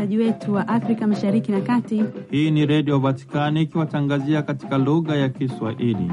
msikilizaji wetu wa Afrika Mashariki na Kati. Hii ni Redio Vatikani ikiwatangazia katika lugha ya Kiswahili.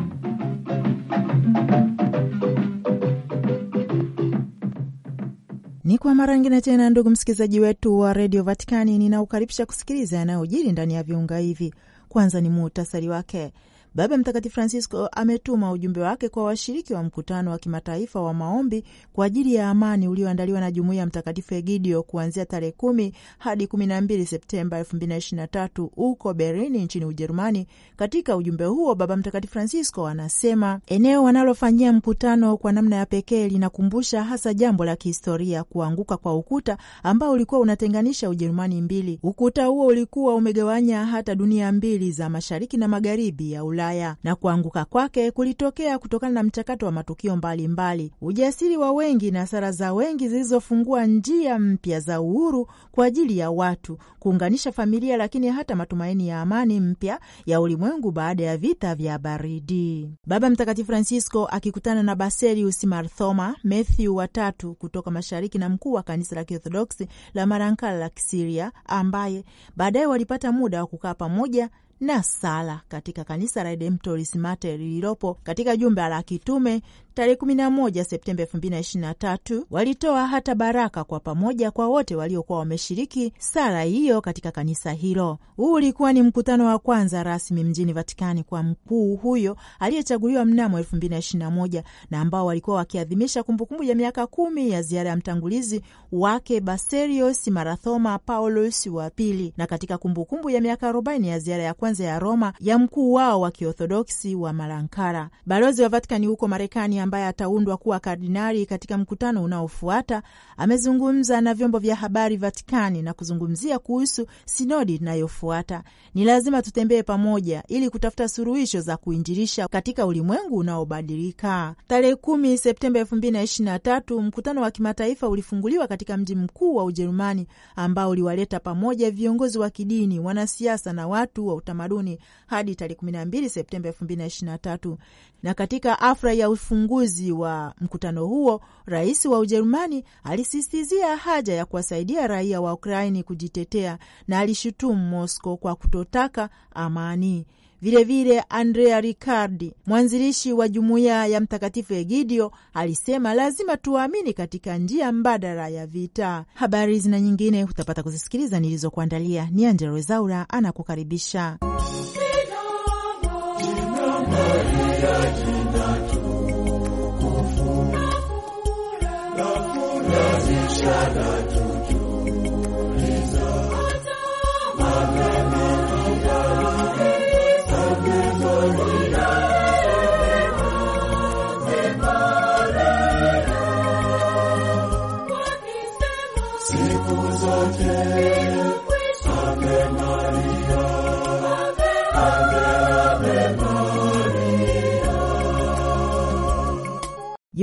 Ni kwa mara ingine tena, ndugu msikilizaji wetu wa Redio Vatikani, ninaukaribisha kusikiliza yanayojiri ndani ya viunga hivi. Kwanza ni muhtasari wake. Baba Mtakatifu Francisco ametuma ujumbe wake kwa washiriki wa mkutano wa kimataifa wa maombi kwa ajili ya amani ulioandaliwa na jumuiya ya Mtakatifu Egidio kuanzia tarehe kumi hadi kumi na mbili Septemba elfu mbili na ishirini na tatu huko Berlin nchini Ujerumani. Katika ujumbe huo, Baba Mtakatifu Francisco anasema eneo wanalofanyia mkutano kwa namna ya pekee linakumbusha hasa jambo la kihistoria, kuanguka kwa ukuta ambao ulikuwa unatenganisha Ujerumani mbili. Ukuta huo ulikuwa umegawanya hata dunia mbili za mashariki na magharibi ya Ulaya Ulaya na kuanguka kwake kulitokea kutokana na mchakato wa matukio mbalimbali mbali, ujasiri wa wengi na sara za wengi zilizofungua njia mpya za uhuru kwa ajili ya watu kuunganisha familia, lakini hata matumaini ya amani mpya ya ulimwengu baada ya vita vya baridi. Baba Mtakatifu Francisco akikutana na Baselius Marthoma Matthew watatu kutoka mashariki na mkuu wa kanisa la Kiorthodoksi la Marankala la Kisiria ambaye baadaye walipata muda wa kukaa pamoja na sala katika kanisa la Redemptoris Mater lililopo katika jumba la kitume tarehe 11 Septemba 2023 walitoa hata baraka kwa pamoja kwa wote waliokuwa wameshiriki sala hiyo katika kanisa hilo. Huu ulikuwa ni mkutano wa kwanza rasmi mjini Vatikani kwa mkuu huyo aliyechaguliwa mnamo 2021 na ambao walikuwa wakiadhimisha kumbukumbu ya miaka kumi ya ziara ya mtangulizi wake Baselios Marathoma Paulus wa pili na katika kumbukumbu ya miaka 40 ya ziara ya kwanza ya Roma ya mkuu wao wa Kiorthodoksi wa marankara Balozi wa Vatikani huko Marekani ambaye ataundwa kuwa kardinali katika mkutano unaofuata, amezungumza na vyombo vya habari Vatikani na kuzungumzia kuhusu sinodi inayofuata. Ni lazima tutembee pamoja ili kutafuta suluhisho za kuinjirisha katika ulimwengu unaobadilika. Tarehe kumi Septemba elfu mbili na ishirini na tatu mkutano wa kimataifa ulifunguliwa katika mji mkuu wa Ujerumani ambao uliwaleta pamoja viongozi wa kidini, wanasiasa na watu wa utamaduni hadi tarehe kumi na mbili Septemba elfu mbili na ishirini na tatu na katika afra ya ufunguzi ufunguzi wa mkutano huo, rais wa Ujerumani alisisitizia haja ya kuwasaidia raia wa Ukraini kujitetea na alishutumu Moscow kwa kutotaka amani. Vilevile, Andrea Ricardi, mwanzilishi wa jumuiya ya Mtakatifu Egidio, alisema lazima tuamini katika njia mbadala ya vita. Habari zina nyingine hutapata kuzisikiliza nilizokuandalia. Ni Angella zaura anakukaribisha mchana tu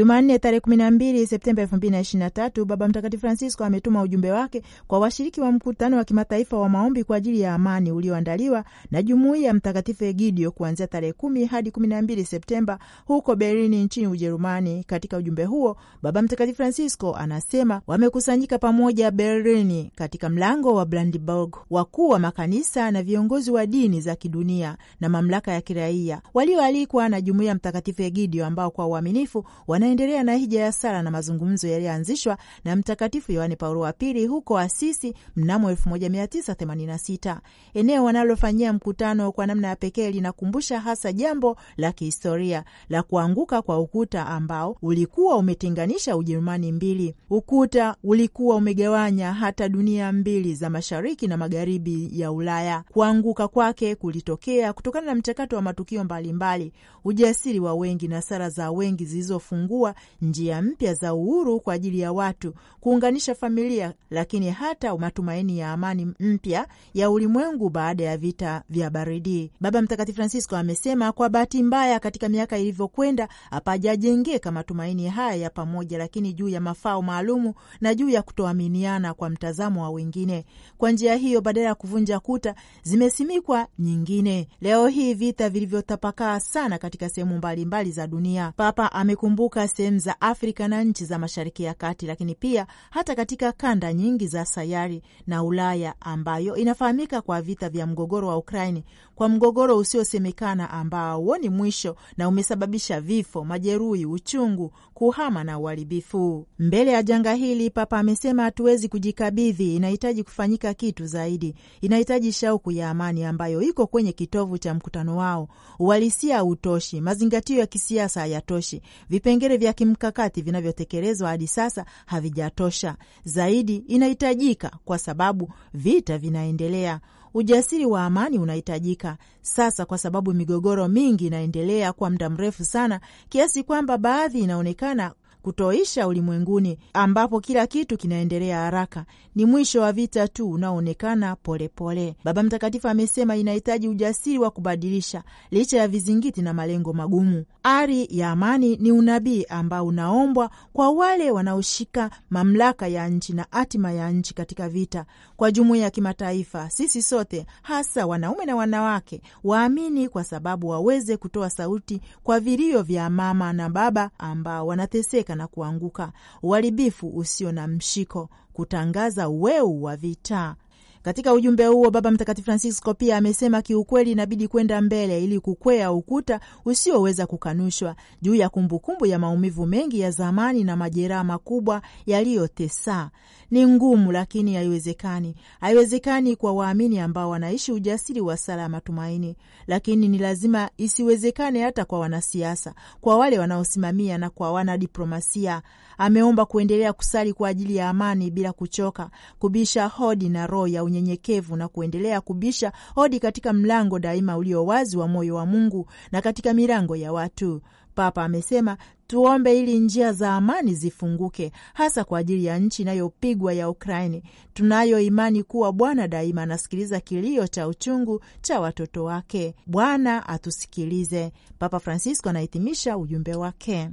Jumanne tarehe kumi na mbili Septemba elfu mbili na ishirini na tatu Baba Mtakatifu Francisco ametuma ujumbe wake kwa washiriki wa mkutano wa kimataifa wa maombi kwa ajili ya amani ulioandaliwa na jumuiya Mtakatifu Egidio kuanzia tarehe kumi hadi kumi na mbili Septemba huko Berlini nchini Ujerumani. Katika ujumbe huo Baba Mtakatifu Francisco anasema wamekusanyika pamoja Berlini katika mlango wa Brandenburg wakuu wa makanisa na viongozi wa dini za kidunia na mamlaka ya kiraia walioalikwa na jumuiya Mtakatifu Egidio ambao kwa uaminifu wana Tunaendelea na hija ya sala na mazungumzo yaliyoanzishwa na Mtakatifu Yohane Paulo wa Pili huko Asisi mnamo 1986. Eneo wanalofanyia mkutano kwa namna ya pekee linakumbusha hasa jambo la kihistoria la kuanguka kwa ukuta ambao ulikuwa umetenganisha Ujerumani mbili. Ukuta ulikuwa umegawanya hata dunia mbili za mashariki na magharibi ya Ulaya. Kuanguka kwake kulitokea kutokana na mchakato wa matukio mbalimbali mbali, ujasiri wa wengi na sara za wengi zilizofungua kuwa njia mpya za uhuru kwa ajili ya watu, kuunganisha familia, lakini hata matumaini ya amani mpya ya ulimwengu baada ya vita vya baridi. Baba Mtakatifu Francisco amesema kwa bahati mbaya, katika miaka ilivyokwenda hapajajengeka matumaini haya ya pamoja, lakini juu ya mafao maalumu na juu ya kutoaminiana kwa mtazamo wa wengine. Kwa njia hiyo, badala ya kuvunja kuta, zimesimikwa nyingine. Leo hii vita vilivyotapakaa sana katika sehemu mbalimbali za dunia, Papa amekumbuka katika sehemu za Afrika na nchi za Mashariki ya Kati, lakini pia hata katika kanda nyingi za sayari na Ulaya ambayo inafahamika kwa vita vya mgogoro wa Ukraini, kwa mgogoro usiosemekana ambao huoni mwisho na umesababisha vifo, majeruhi, uchungu, kuhama na uharibifu. Mbele ya janga hili, Papa amesema hatuwezi kujikabidhi, inahitaji kufanyika kitu zaidi, inahitaji shauku ya amani ambayo iko kwenye kitovu cha mkutano wao. Uhalisia hautoshi, mazingatio ya kisiasa hayatoshi, vipengele vipaumbele vya kimkakati vinavyotekelezwa hadi sasa havijatosha. Zaidi inahitajika, kwa sababu vita vinaendelea. Ujasiri wa amani unahitajika sasa, kwa sababu migogoro mingi inaendelea kwa muda mrefu sana, kiasi kwamba baadhi inaonekana kutoisha ulimwenguni ambapo kila kitu kinaendelea haraka. Ni mwisho wa vita tu unaoonekana polepole. Baba Mtakatifu amesema inahitaji ujasiri wa kubadilisha licha ya vizingiti na malengo magumu. Ari ya amani ni unabii ambao unaombwa kwa wale wanaoshika mamlaka ya nchi na hatima ya nchi katika vita, kwa jumuiya ya kimataifa, sisi sote, hasa wanaume na wanawake waamini, kwa sababu waweze kutoa sauti kwa vilio vya mama na baba ambao wanateseka kutetemeka na kuanguka, uharibifu usio na mshiko, kutangaza weu wa vita. Katika ujumbe huo, Baba Mtakatifu Francisco pia amesema kiukweli, inabidi kwenda mbele ili kukwea ukuta usioweza kukanushwa juu ya kumbukumbu ya maumivu mengi ya zamani na majeraha makubwa yaliyotesa. Ni ngumu, lakini haiwezekani. Haiwezekani kwa waamini ambao wanaishi ujasiri wa sala ya matumaini, lakini ni lazima isiwezekane hata kwa wanasiasa, kwa wale wanaosimamia na kwa wanadiplomasia Ameomba kuendelea kusali kwa ajili ya amani bila kuchoka, kubisha hodi na roho ya unyenyekevu na kuendelea kubisha hodi katika mlango daima ulio wazi wa moyo wa Mungu na katika milango ya watu. Papa amesema tuombe ili njia za amani zifunguke, hasa kwa ajili ya nchi inayopigwa ya Ukraini. Tunayo imani kuwa Bwana daima anasikiliza kilio cha uchungu cha watoto wake. Bwana atusikilize. Papa Francisco anahitimisha ujumbe wake.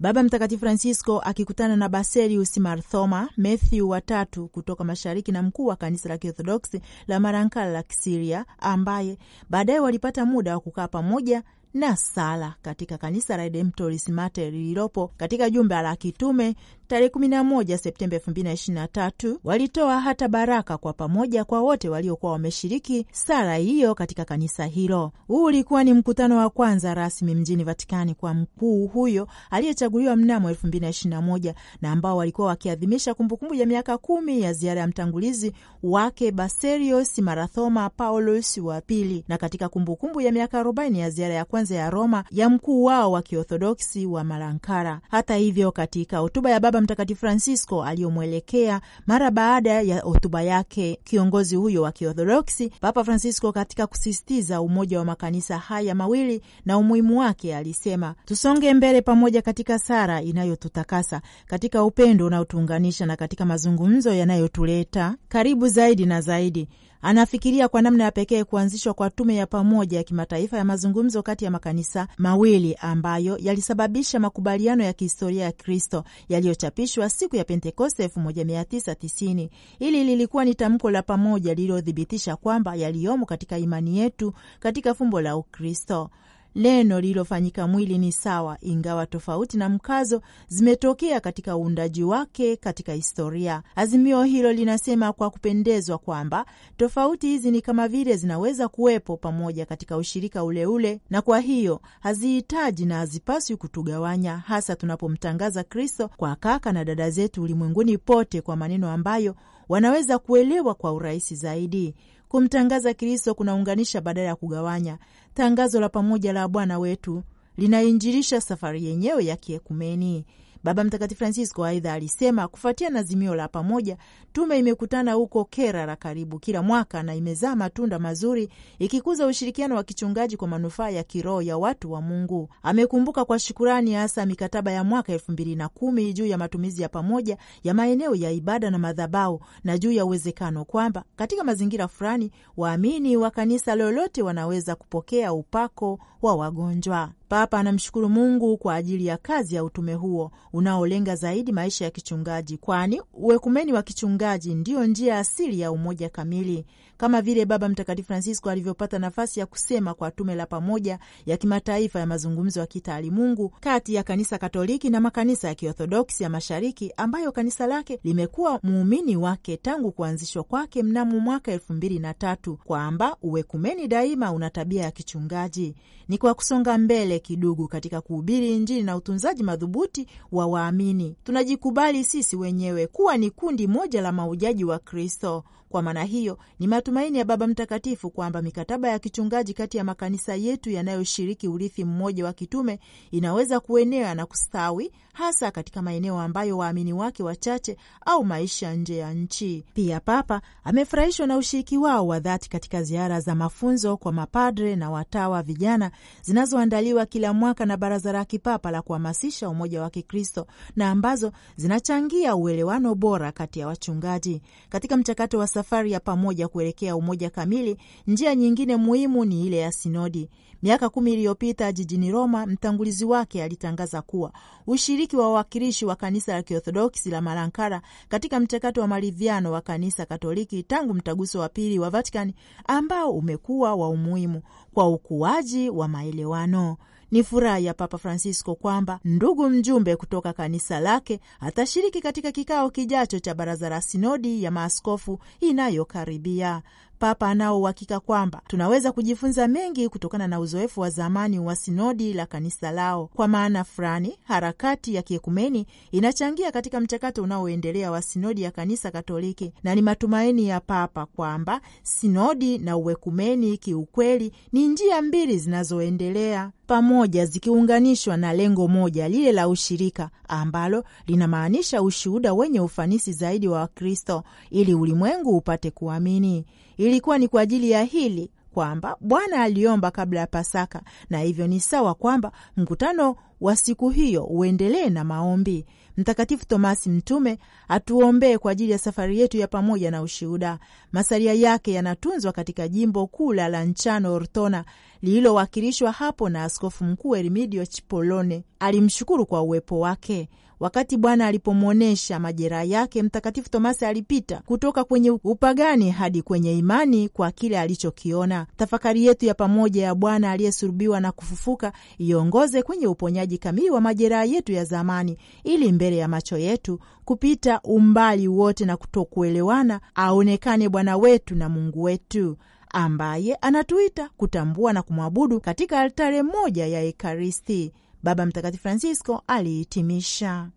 Baba Mtakatifu Francisco akikutana na Baselius Marthoma Mathew watatu kutoka mashariki na mkuu wa kanisa la Kiorthodoksi la Marankala la Kisiria, ambaye baadaye walipata muda wa kukaa pamoja na sala katika kanisa la Redemptoris Mater lililopo katika jumba la kitume tarehe 11 Septemba 2023 walitoa hata baraka kwa pamoja kwa wote waliokuwa wameshiriki sala hiyo katika kanisa hilo. Huu ulikuwa ni mkutano wa kwanza rasmi mjini Vatikani kwa mkuu huyo aliyechaguliwa mnamo 2021 na ambao walikuwa wakiadhimisha kumbukumbu ya miaka kumi ya ziara ya mtangulizi wake baserios Marathoma Paulus wa pili na katika kumbukumbu ya miaka 40 ya ziara ya kwanza ya Roma ya mkuu wao wa Kiorthodoksi wa Malankara. Hata hivyo, katika hotuba ya Baba Baba Mtakatifu Francisco aliyomwelekea mara baada ya hotuba yake kiongozi huyo wa Kiorthodoksi. Papa Francisco, katika kusisitiza umoja wa makanisa haya mawili na umuhimu wake, alisema tusonge mbele pamoja katika sara inayotutakasa, katika upendo unaotuunganisha na katika mazungumzo yanayotuleta karibu zaidi na zaidi Anafikiria kwa namna ya pekee kuanzishwa kwa tume ya pamoja ya kimataifa ya mazungumzo kati ya makanisa mawili ambayo yalisababisha makubaliano ya kihistoria ya Kristo yaliyochapishwa siku ya Pentekoste 1990. Hili lilikuwa ni tamko la pamoja lililothibitisha kwamba yaliyomo katika imani yetu katika fumbo la Ukristo Neno lililofanyika mwili ni sawa, ingawa tofauti na mkazo zimetokea katika uundaji wake katika historia. Azimio hilo linasema kwa kupendezwa kwamba tofauti hizi ni kama vile zinaweza kuwepo pamoja katika ushirika uleule ule, na kwa hiyo hazihitaji na hazipaswi kutugawanya, hasa tunapomtangaza Kristo kwa kaka na dada zetu ulimwenguni pote kwa maneno ambayo wanaweza kuelewa kwa urahisi zaidi. Kumtangaza Kristo kunaunganisha badala ya kugawanya. Tangazo la pamoja la Bwana wetu linainjilisha safari yenyewe ya kiekumeni. Baba Mtakatifu Francisco aidha alisema kufuatia na azimio la pamoja, tume imekutana huko Kerala karibu kila mwaka na imezaa matunda mazuri, ikikuza ushirikiano wa kichungaji kwa manufaa ya kiroho ya watu wa Mungu. Amekumbuka kwa shukurani hasa mikataba ya mwaka elfu mbili na kumi juu ya matumizi ya pamoja ya maeneo ya ibada na madhabahu na juu ya uwezekano kwamba katika mazingira fulani waamini wa kanisa lolote wanaweza kupokea upako wa wagonjwa. Papa anamshukuru Mungu kwa ajili ya kazi ya utume huo unaolenga zaidi maisha ya kichungaji, kwani uekumeni wa kichungaji ndiyo njia asili ya umoja kamili kama vile Baba Mtakatifu Francisco alivyopata nafasi ya kusema kwa tume la pamoja ya kimataifa ya mazungumzo ya kitaalimungu kati ya kanisa Katoliki na makanisa ya Kiorthodoksi ya Mashariki, ambayo kanisa lake limekuwa muumini wake tangu kuanzishwa kwake mnamo mwaka elfu mbili na tatu, kwamba uwekumeni daima una tabia ya kichungaji, ni kwa kusonga mbele kidugu katika kuhubiri Injili na utunzaji madhubuti wa waamini. Tunajikubali sisi wenyewe kuwa ni kundi moja la maujaji wa Kristo kwa maana hiyo, ni matumaini ya Baba Mtakatifu kwamba mikataba ya kichungaji kati ya makanisa yetu yanayoshiriki urithi mmoja wa kitume inaweza kuenea na kustawi, hasa katika maeneo ambayo waamini wake wachache au maisha nje ya nchi. Pia Papa amefurahishwa na ushiriki wao wa dhati katika ziara za mafunzo kwa mapadre na watawa vijana zinazoandaliwa kila mwaka na Baraza la Kipapa la kuhamasisha umoja wa Kikristo na ambazo zinachangia uelewano bora kati ya wachungaji katika mchakato wa safari ya pamoja kuelekea umoja kamili, njia nyingine muhimu ni ile ya sinodi. Miaka kumi iliyopita jijini Roma, mtangulizi wake alitangaza kuwa ushiriki wa wawakilishi wa kanisa la Kiorthodoksi la marankara katika mchakato wa maridhiano wa kanisa Katoliki tangu mtaguso wa pili wa Vatikani ambao umekuwa wa umuhimu kwa ukuaji wa maelewano. Ni furaha ya Papa Francisco kwamba ndugu mjumbe kutoka kanisa lake atashiriki katika kikao kijacho cha baraza la sinodi ya maaskofu inayokaribia. Papa anao uhakika kwamba tunaweza kujifunza mengi kutokana na uzoefu wa zamani wa sinodi la kanisa lao. Kwa maana fulani, harakati ya kiekumeni inachangia katika mchakato unaoendelea wa sinodi ya kanisa Katoliki, na ni matumaini ya Papa kwamba sinodi na uekumeni kiukweli ni njia mbili zinazoendelea pamoja zikiunganishwa na lengo moja lile la ushirika ambalo linamaanisha ushuhuda wenye ufanisi zaidi wa Wakristo ili ulimwengu upate kuamini. Ilikuwa ni kwa ajili ya hili kwamba Bwana aliomba kabla ya Pasaka, na hivyo ni sawa kwamba mkutano wa siku hiyo uendelee na maombi. Mtakatifu Tomasi Mtume atuombee kwa ajili ya safari yetu ya pamoja na ushuhuda. Masalia yake yanatunzwa katika jimbo kuu la Lanciano Ortona lililowakilishwa hapo na askofu mkuu Ermidio Chipolone, alimshukuru kwa uwepo wake wakati Bwana alipomwonyesha majeraha yake. Mtakatifu Tomasi alipita kutoka kwenye upagani hadi kwenye imani kwa kile alichokiona. Tafakari yetu ya pamoja ya Bwana aliyesulubiwa na kufufuka iongoze kwenye uponyaji kamili wa majeraha yetu ya zamani, ili mbele ya macho yetu kupita umbali wote na kutokuelewana, aonekane Bwana wetu na Mungu wetu ambaye anatuita kutambua na kumwabudu katika altare moja ya Ekaristi. Baba Mtakatifu Francisco alihitimisha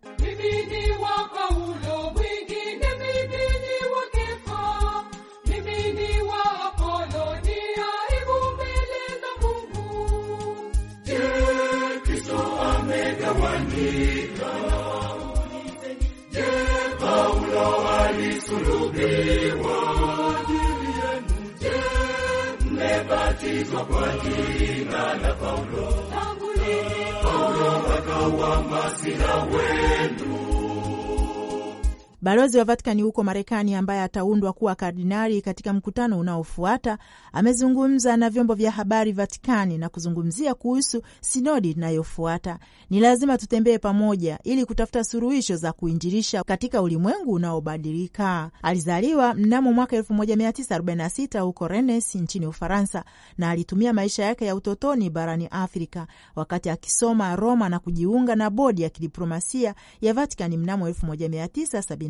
Paulo alisulubiwa kubatizwa kwa jina la Paulo. Paulo akawa masira wenu Balozi wa Vatikani huko Marekani, ambaye ataundwa kuwa kardinali katika mkutano unaofuata, amezungumza na vyombo vya habari Vatikani na kuzungumzia kuhusu sinodi inayofuata. Ni lazima tutembee pamoja ili kutafuta suluhisho za kuinjilisha katika ulimwengu unaobadilika. Alizaliwa mnamo mwaka 1946 huko Rennes nchini Ufaransa na alitumia maisha yake ya utotoni barani Afrika wakati akisoma Roma na kujiunga na bodi ya kidiplomasia ya Vatikani mnamo 1970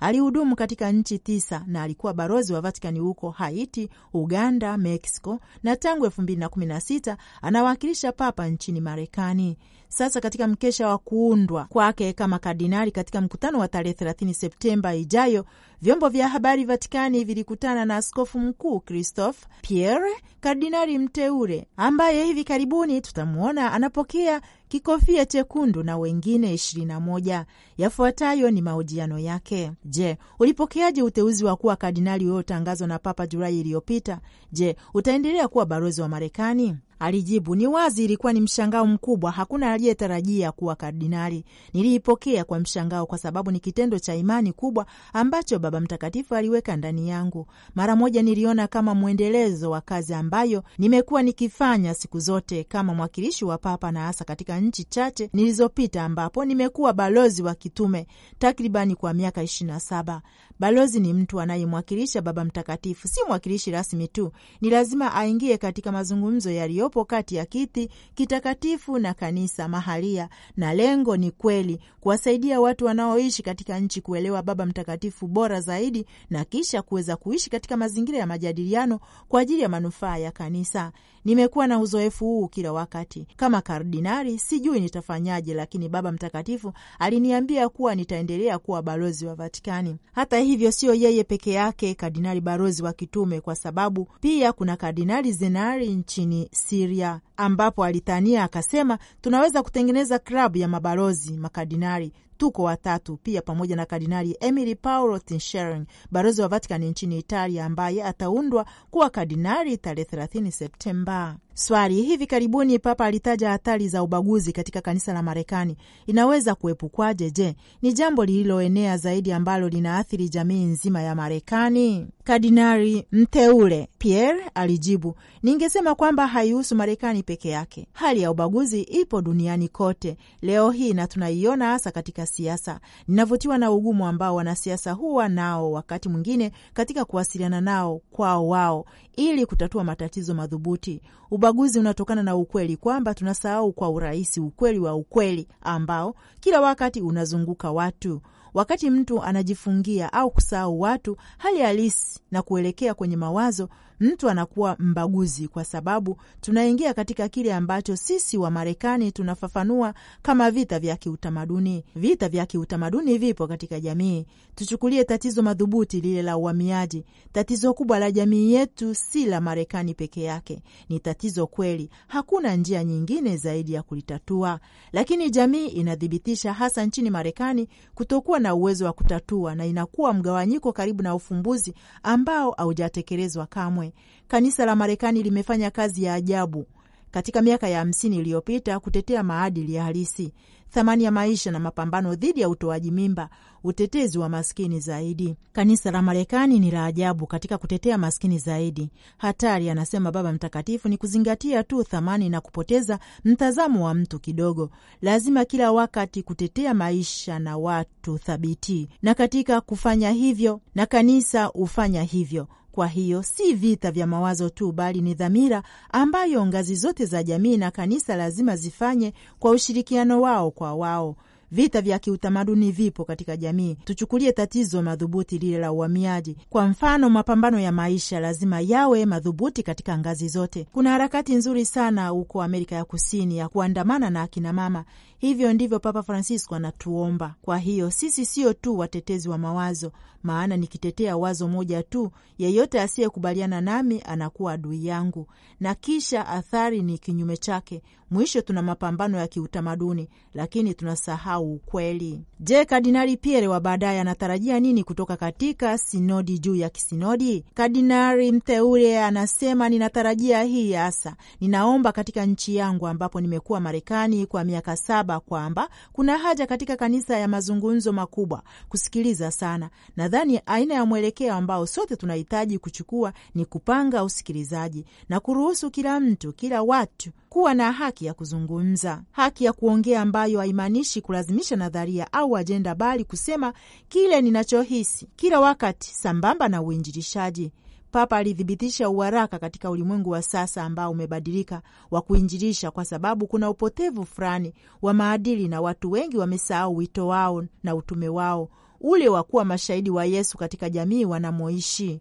Alihudumu katika nchi tisa na alikuwa balozi wa Vatikani huko Haiti, Uganda, Mexico na tangu 2016 anawakilisha Papa nchini Marekani. Sasa katika mkesha wa kuundwa kwake kama kardinali katika mkutano wa tarehe 30 Septemba ijayo Vyombo vya habari Vatikani vilikutana na askofu mkuu Christophe Pierre, kardinali mteule ambaye hivi karibuni tutamwona anapokea kikofia chekundu na wengine 21. Yafuatayo ni mahojiano yake. Je, ulipokeaje uteuzi wa kuwa kardinali uliotangazwa na Papa Julai iliyopita? Je, utaendelea kuwa balozi wa Marekani? Alijibu, ni wazi ilikuwa ni mshangao mkubwa. Hakuna aliyetarajia kuwa kardinali. Niliipokea kwa mshangao, kwa sababu ni kitendo cha imani kubwa ambacho Baba Mtakatifu aliweka ndani yangu. Mara moja niliona kama mwendelezo wa kazi ambayo nimekuwa nikifanya siku zote kama mwakilishi wa Papa, na hasa katika nchi chache nilizopita, ambapo nimekuwa balozi wa kitume takribani kwa miaka ishirini na saba. Balozi ni mtu anayemwakilisha Baba Mtakatifu, si mwakilishi rasmi tu. Ni lazima aingie katika mazungumzo yaliyopo kati ya kiti kitakatifu na kanisa mahalia, na lengo ni kweli kuwasaidia watu wanaoishi katika nchi kuelewa Baba Mtakatifu bora bora zaidi na kisha kuweza kuishi katika mazingira ya majadiliano kwa ajili ya manufaa ya kanisa. Nimekuwa na uzoefu huu kila wakati. Kama kardinali, sijui nitafanyaje, lakini Baba Mtakatifu aliniambia kuwa nitaendelea kuwa balozi wa Vatikani. Hata hivyo, sio yeye peke yake kardinali balozi wa kitume, kwa sababu pia kuna kardinali zenari nchini Siria, ambapo alithania akasema, tunaweza kutengeneza klabu ya mabalozi makardinali tuko watatu pia pamoja na Kardinali Emily Paolo Tinshering, balozi wa Vatikani nchini Italia, ambaye ataundwa kuwa kardinali tarehe 30 Septemba. Swali: hivi karibuni Papa alitaja hatari za ubaguzi katika kanisa la Marekani, inaweza kuepukwaje? Je, ni jambo lililoenea zaidi ambalo linaathiri jamii nzima ya Marekani? Kardinari mteule Pierre alijibu, ningesema kwamba haihusu Marekani peke yake. Hali ya ubaguzi ipo duniani kote leo hii na tunaiona hasa katika siasa. Ninavutiwa na ugumu ambao wanasiasa huwa nao wakati mwingine katika kuwasiliana nao kwao wao ili kutatua matatizo madhubuti Uba Ubaguzi unatokana na ukweli kwamba tunasahau kwa urahisi ukweli wa ukweli ambao kila wakati unazunguka watu. Wakati mtu anajifungia au kusahau watu, hali halisi na kuelekea kwenye mawazo mtu anakuwa mbaguzi, kwa sababu tunaingia katika kile ambacho sisi wa Marekani tunafafanua kama vita vya kiutamaduni. Vita vya kiutamaduni vipo katika jamii. Tuchukulie tatizo madhubuti lile la uhamiaji. Tatizo kubwa la jamii yetu si la Marekani peke yake, ni tatizo kweli, hakuna njia nyingine zaidi ya kulitatua, lakini jamii inathibitisha hasa nchini Marekani kutokuwa na uwezo wa kutatua, na inakuwa mgawanyiko karibu na ufumbuzi ambao haujatekelezwa kamwe kamwe. Kanisa la Marekani limefanya kazi ya ajabu katika miaka ya hamsini iliyopita kutetea maadili ya halisi, thamani ya maisha na mapambano dhidi ya utoaji mimba, utetezi wa maskini zaidi. Kanisa la Marekani ni la ajabu katika kutetea maskini zaidi. Hatari, anasema Baba Mtakatifu, ni kuzingatia tu thamani na kupoteza mtazamo wa mtu kidogo. Lazima kila wakati kutetea maisha na watu thabiti, na katika kufanya hivyo, na kanisa hufanya hivyo kwa hiyo si vita vya mawazo tu, bali ni dhamira ambayo ngazi zote za jamii na kanisa lazima zifanye kwa ushirikiano wao kwa wao Vita vya kiutamaduni vipo katika jamii. Tuchukulie tatizo madhubuti lile la uhamiaji kwa mfano, mapambano ya maisha lazima yawe madhubuti katika ngazi zote. Kuna harakati nzuri sana huko Amerika ya Kusini ya kuandamana na akinamama. Hivyo ndivyo Papa Francisco anatuomba. Kwa hiyo sisi sio tu watetezi wa mawazo, maana nikitetea wazo moja tu, yeyote asiyekubaliana nami anakuwa adui yangu, na kisha athari ni kinyume chake. Mwisho tuna mapambano ya kiutamaduni, lakini tunasahau au ukweli. Je, Kardinali Piere wa baadaye anatarajia nini kutoka katika sinodi juu ya kisinodi? Kardinali mteule anasema, ninatarajia hii hasa, ninaomba katika nchi yangu ambapo nimekuwa Marekani kwa miaka saba, kwamba kuna haja katika kanisa ya mazungumzo makubwa kusikiliza sana. Nadhani aina ya mwelekeo ambao sote tunahitaji kuchukua ni kupanga usikilizaji na kuruhusu kila mtu, kila watu kuwa na haki ya kuzungumza, haki ya kuongea ambayo haimaanishi kula kulazimisha nadharia au ajenda, bali kusema kile ninachohisi kila wakati sambamba na uinjilishaji. Papa alithibitisha uharaka katika ulimwengu wa sasa ambao umebadilika wa kuinjilisha, kwa sababu kuna upotevu fulani wa maadili na watu wengi wamesahau wito wao na utume wao ule wa kuwa mashahidi wa Yesu katika jamii wanamoishi.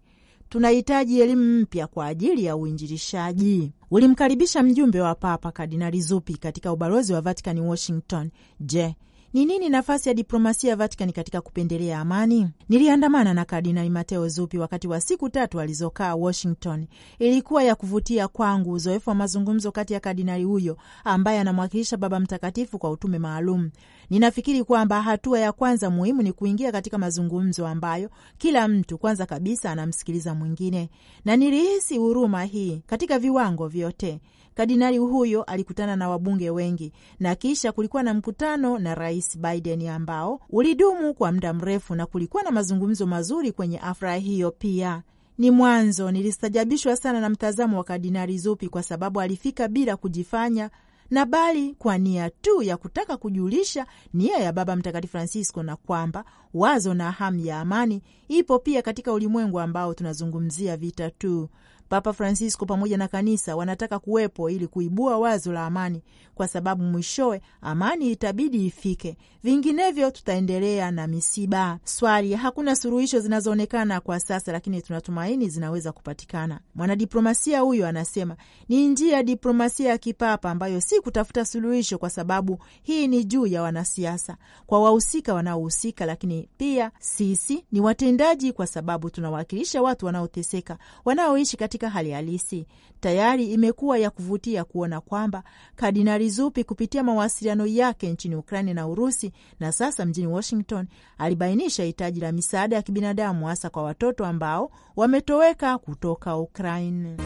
Tunahitaji elimu mpya kwa ajili ya uinjilishaji, ulimkaribisha mjumbe wa Papa Kardinali Zuppi katika ubalozi wa Vatikani Washington. Je, ni nini nafasi ya diplomasia ya Vatikani katika kupendelea amani? Niliandamana na Kardinali Mateo Zuppi wakati wa siku tatu alizokaa Washington. Ilikuwa ya kuvutia kwangu uzoefu wa mazungumzo kati ya kardinali huyo ambaye anamwakilisha Baba Mtakatifu kwa utume maalum. Ninafikiri kwamba hatua ya kwanza muhimu ni kuingia katika mazungumzo ambayo kila mtu kwanza kabisa anamsikiliza mwingine, na nilihisi huruma hii katika viwango vyote. Kardinali huyo alikutana na wabunge wengi na kisha kulikuwa na mkutano na Rais Biden ambao ulidumu kwa muda mrefu na kulikuwa na mazungumzo mazuri kwenye afra hiyo pia ni mwanzo. Nilistajabishwa sana na mtazamo wa Kardinali Zuppi kwa sababu alifika bila kujifanya na bali kwa nia tu ya kutaka kujulisha nia ya Baba Mtakatifu Francisco na kwamba wazo na hamu ya amani ipo pia katika ulimwengu ambao tunazungumzia vita tu, Papa Francisco pamoja na kanisa wanataka kuwepo ili kuibua wazo la amani, kwa sababu mwishowe amani itabidi ifike, vinginevyo tutaendelea na misiba. Swali: hakuna suluhisho zinazoonekana kwa sasa, lakini tunatumaini zinaweza kupatikana. Mwanadiplomasia huyo anasema ni njia ya diplomasia ya kipapa ambayo si kutafuta suluhisho, kwa sababu hii ni juu ya wanasiasa, kwa wahusika wanaohusika, lakini pia sisi ni watendaji, kwa sababu tunawakilisha watu wanaoteseka, wanaoishi katika katika hali halisi. Tayari imekuwa ya kuvutia kuona kwamba Kardinali Zuppi kupitia mawasiliano yake nchini Ukraini na Urusi na sasa mjini Washington alibainisha hitaji la misaada ya kibinadamu hasa kwa watoto ambao wametoweka kutoka Ukraini.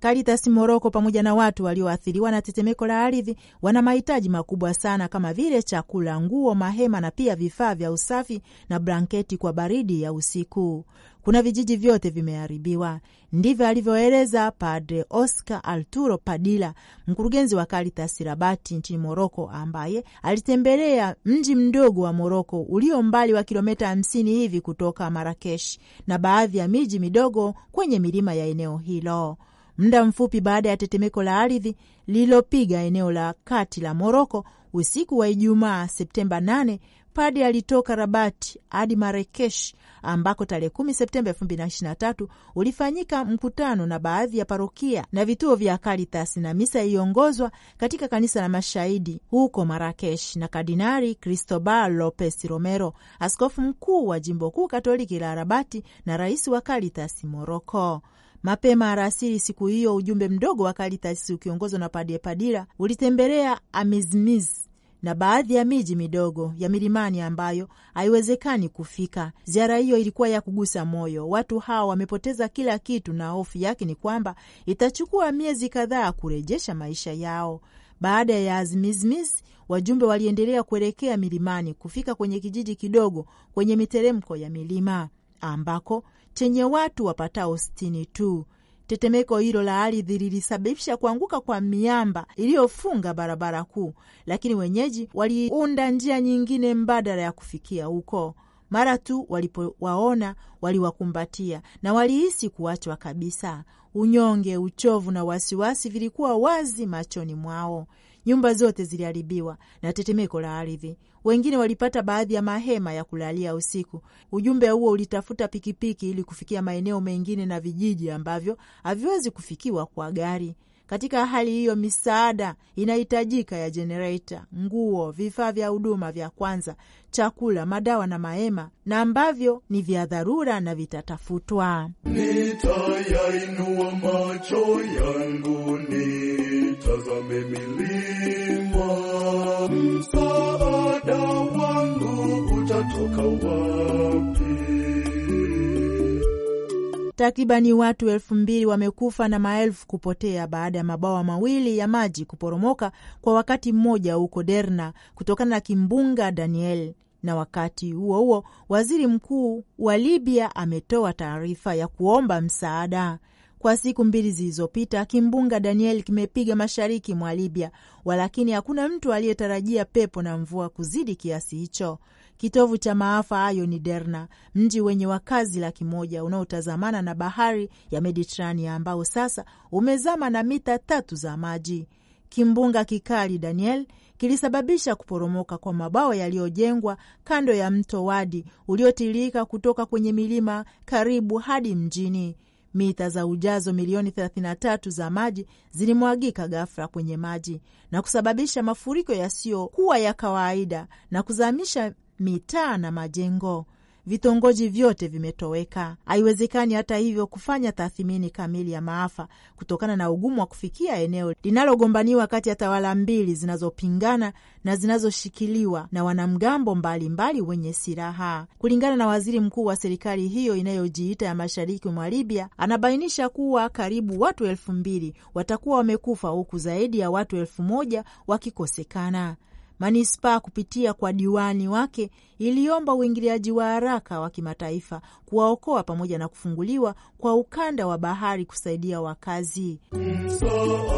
Karitas Moroko pamoja na watu walioathiriwa na tetemeko la ardhi wana mahitaji makubwa sana kama vile chakula, nguo, mahema na pia vifaa vya usafi na blanketi kwa baridi ya usiku kuna vijiji vyote vimeharibiwa. Ndivyo alivyoeleza Padre Oscar Arturo Padilla, mkurugenzi wa Caritas Rabati nchini Moroko, ambaye alitembelea mji mdogo wa Moroko ulio mbali wa kilometa hamsini hivi kutoka Marakesh na baadhi ya miji midogo kwenye milima ya eneo hilo. Muda mfupi baada ya tetemeko la ardhi lililopiga eneo la kati la Moroko usiku wa Ijumaa Septemba 8 Padi alitoka Rabati hadi Marekesh ambako tarehe kumi Septemba elfu mbili na na tatu ulifanyika mkutano na baadhi ya parokia na vituo vya Karitas na misa iliongozwa katika kanisa la mashahidi huko Marakesh na Kardinari Cristobal Lopez Romero, askofu mkuu wa jimbo kuu katoliki la Rabati na rais wa Karitas Moroko. Mapema arasili siku hiyo, ujumbe mdogo wa Karitas ukiongozwa na Padie Padira ulitembelea Amizmiz na baadhi ya miji midogo ya milimani ambayo haiwezekani kufika. Ziara hiyo ilikuwa ya kugusa moyo. Watu hawa wamepoteza kila kitu, na hofu yake ni kwamba itachukua miezi kadhaa kurejesha maisha yao. Baada ya Azmizmiz, wajumbe waliendelea kuelekea milimani kufika kwenye kijiji kidogo kwenye miteremko ya milima ambako chenye watu wapatao sitini tu. Tetemeko hilo la ardhi lilisababisha kuanguka kwa miamba iliyofunga barabara kuu, lakini wenyeji waliunda njia nyingine mbadala ya kufikia huko. Mara tu walipowaona waliwakumbatia na walihisi kuachwa kabisa. Unyonge, uchovu na wasiwasi vilikuwa wazi machoni mwao. Nyumba zote ziliharibiwa na tetemeko la ardhi. Wengine walipata baadhi ya mahema ya kulalia usiku. Ujumbe huo ulitafuta pikipiki ili kufikia maeneo mengine na vijiji ambavyo haviwezi kufikiwa kwa gari. Katika hali hiyo, misaada inahitajika ya jenereta, nguo, vifaa vya huduma vya kwanza, chakula, madawa na mahema, na ambavyo ni vya dharura na vitatafutwa. Nitayainua macho yangu nitazame milima, msaada wangu utatoka wa takribani watu elfu mbili wamekufa na maelfu kupotea baada ya mabawa mawili ya maji kuporomoka kwa wakati mmoja huko Derna kutokana na kimbunga Daniel. Na wakati huo huo, waziri mkuu wa Libya ametoa taarifa ya kuomba msaada. Kwa siku mbili zilizopita, kimbunga Daniel kimepiga mashariki mwa Libya, walakini hakuna mtu aliyetarajia pepo na mvua kuzidi kiasi hicho. Kitovu cha maafa hayo ni Derna, mji wenye wakazi laki moja unaotazamana na bahari ya Mediterania, ambao sasa umezama na mita tatu za maji. Kimbunga kikali Daniel kilisababisha kuporomoka kwa mabwawa yaliyojengwa kando ya mto Wadi uliotiririka kutoka kwenye milima karibu hadi mjini. Mita za ujazo milioni 33 za maji zilimwagika ghafla kwenye maji na kusababisha mafuriko yasiyokuwa ya kawaida na kuzamisha mitaa na majengo. Vitongoji vyote vimetoweka. Haiwezekani hata hivyo kufanya tathmini kamili ya maafa kutokana na ugumu wa kufikia eneo linalogombaniwa kati ya tawala mbili zinazopingana na zinazoshikiliwa na wanamgambo mbalimbali mbali wenye silaha. Kulingana na waziri mkuu wa serikali hiyo inayojiita ya mashariki mwa Libya, anabainisha kuwa karibu watu elfu mbili watakuwa wamekufa huku zaidi ya watu elfu moja wakikosekana. Manispaa kupitia kwa diwani wake iliomba uingiliaji wa haraka wa kimataifa kuwaokoa pamoja na kufunguliwa kwa ukanda wa bahari kusaidia wakazi Msoda.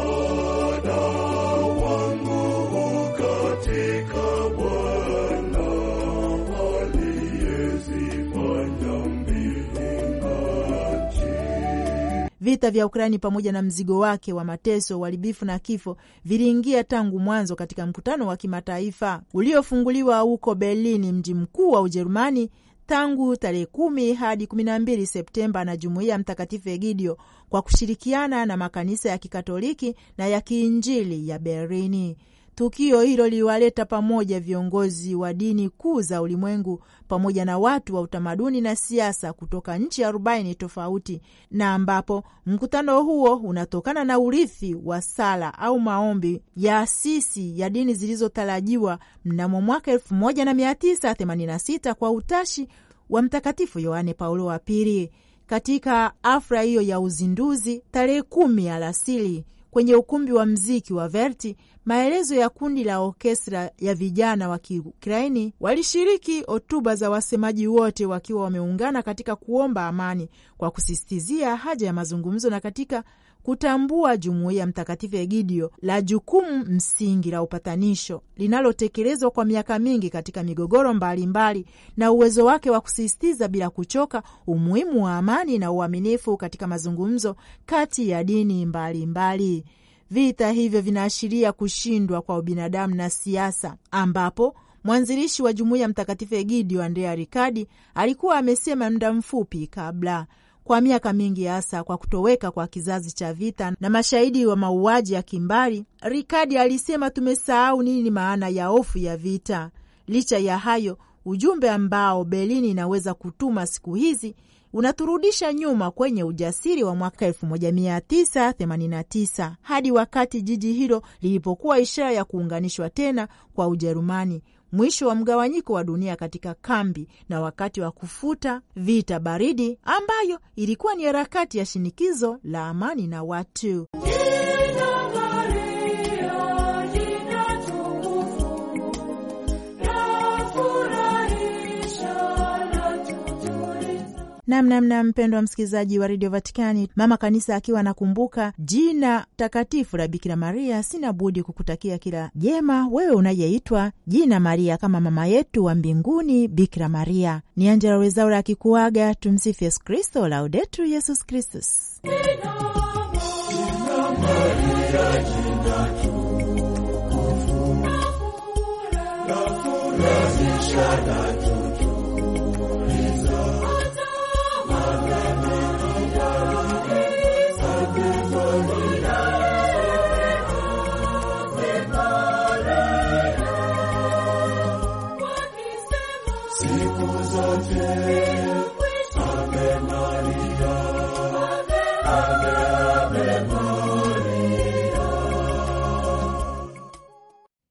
Vita vya Ukraini pamoja na mzigo wake wa mateso, uharibifu na kifo viliingia tangu mwanzo katika mkutano wa kimataifa uliofunguliwa huko Berlin, mji mkuu wa Ujerumani, tangu tarehe kumi hadi kumi na mbili Septemba na Jumuiya Mtakatifu Egidio kwa kushirikiana na makanisa ya Kikatoliki na ya Kiinjili ya Berlini. Tukio hilo liliwaleta pamoja viongozi wa dini kuu za ulimwengu pamoja na watu wa utamaduni na siasa kutoka nchi arobaini tofauti, na ambapo mkutano huo unatokana na urithi wa sala au maombi ya asisi ya dini zilizotarajiwa mnamo mwaka elfu moja na mia tisa themanini na sita kwa utashi wa Mtakatifu Yohane Paulo wa Pili. Katika afra hiyo ya uzinduzi tarehe kumi alasiri kwenye ukumbi wa mziki wa verti maelezo ya kundi la okestra ya vijana wa Kiukraini walishiriki hotuba za wasemaji wote wakiwa wameungana katika kuomba amani kwa kusisitizia haja ya mazungumzo na katika kutambua jumuiya mtakatifu Egidio la jukumu msingi la upatanisho linalotekelezwa kwa miaka mingi katika migogoro mbalimbali mbali, na uwezo wake wa kusisitiza bila kuchoka umuhimu wa amani na uaminifu katika mazungumzo kati ya dini mbalimbali mbali. Vita hivyo vinaashiria kushindwa kwa ubinadamu na siasa ambapo mwanzilishi wa jumuiya mtakatifu Egidio Andrea Riccardi alikuwa amesema muda mfupi kabla kwa miaka mingi, hasa kwa kutoweka kwa kizazi cha vita na mashahidi wa mauaji ya kimbari. Rikadi alisema tumesahau nini maana ya hofu ya vita. Licha ya hayo, ujumbe ambao Berlin inaweza kutuma siku hizi unaturudisha nyuma kwenye ujasiri wa mwaka 1989 hadi wakati jiji hilo lilipokuwa ishara ya kuunganishwa tena kwa Ujerumani mwisho wa mgawanyiko wa dunia katika kambi na wakati wa kufuta vita baridi ambayo ilikuwa ni harakati ya shinikizo la amani na watu Namnamna mpendwa msikilizaji wa redio Vatikani, mama kanisa akiwa anakumbuka jina takatifu la Bikira Maria, sina budi kukutakia kila jema, wewe unayeitwa jina Maria, kama mama yetu wa mbinguni Bikira Maria. Ni Angela Rezaura akikuaga. Tumsifu Yesu Kristo, Laudetur Yesus Kristus. Jesus.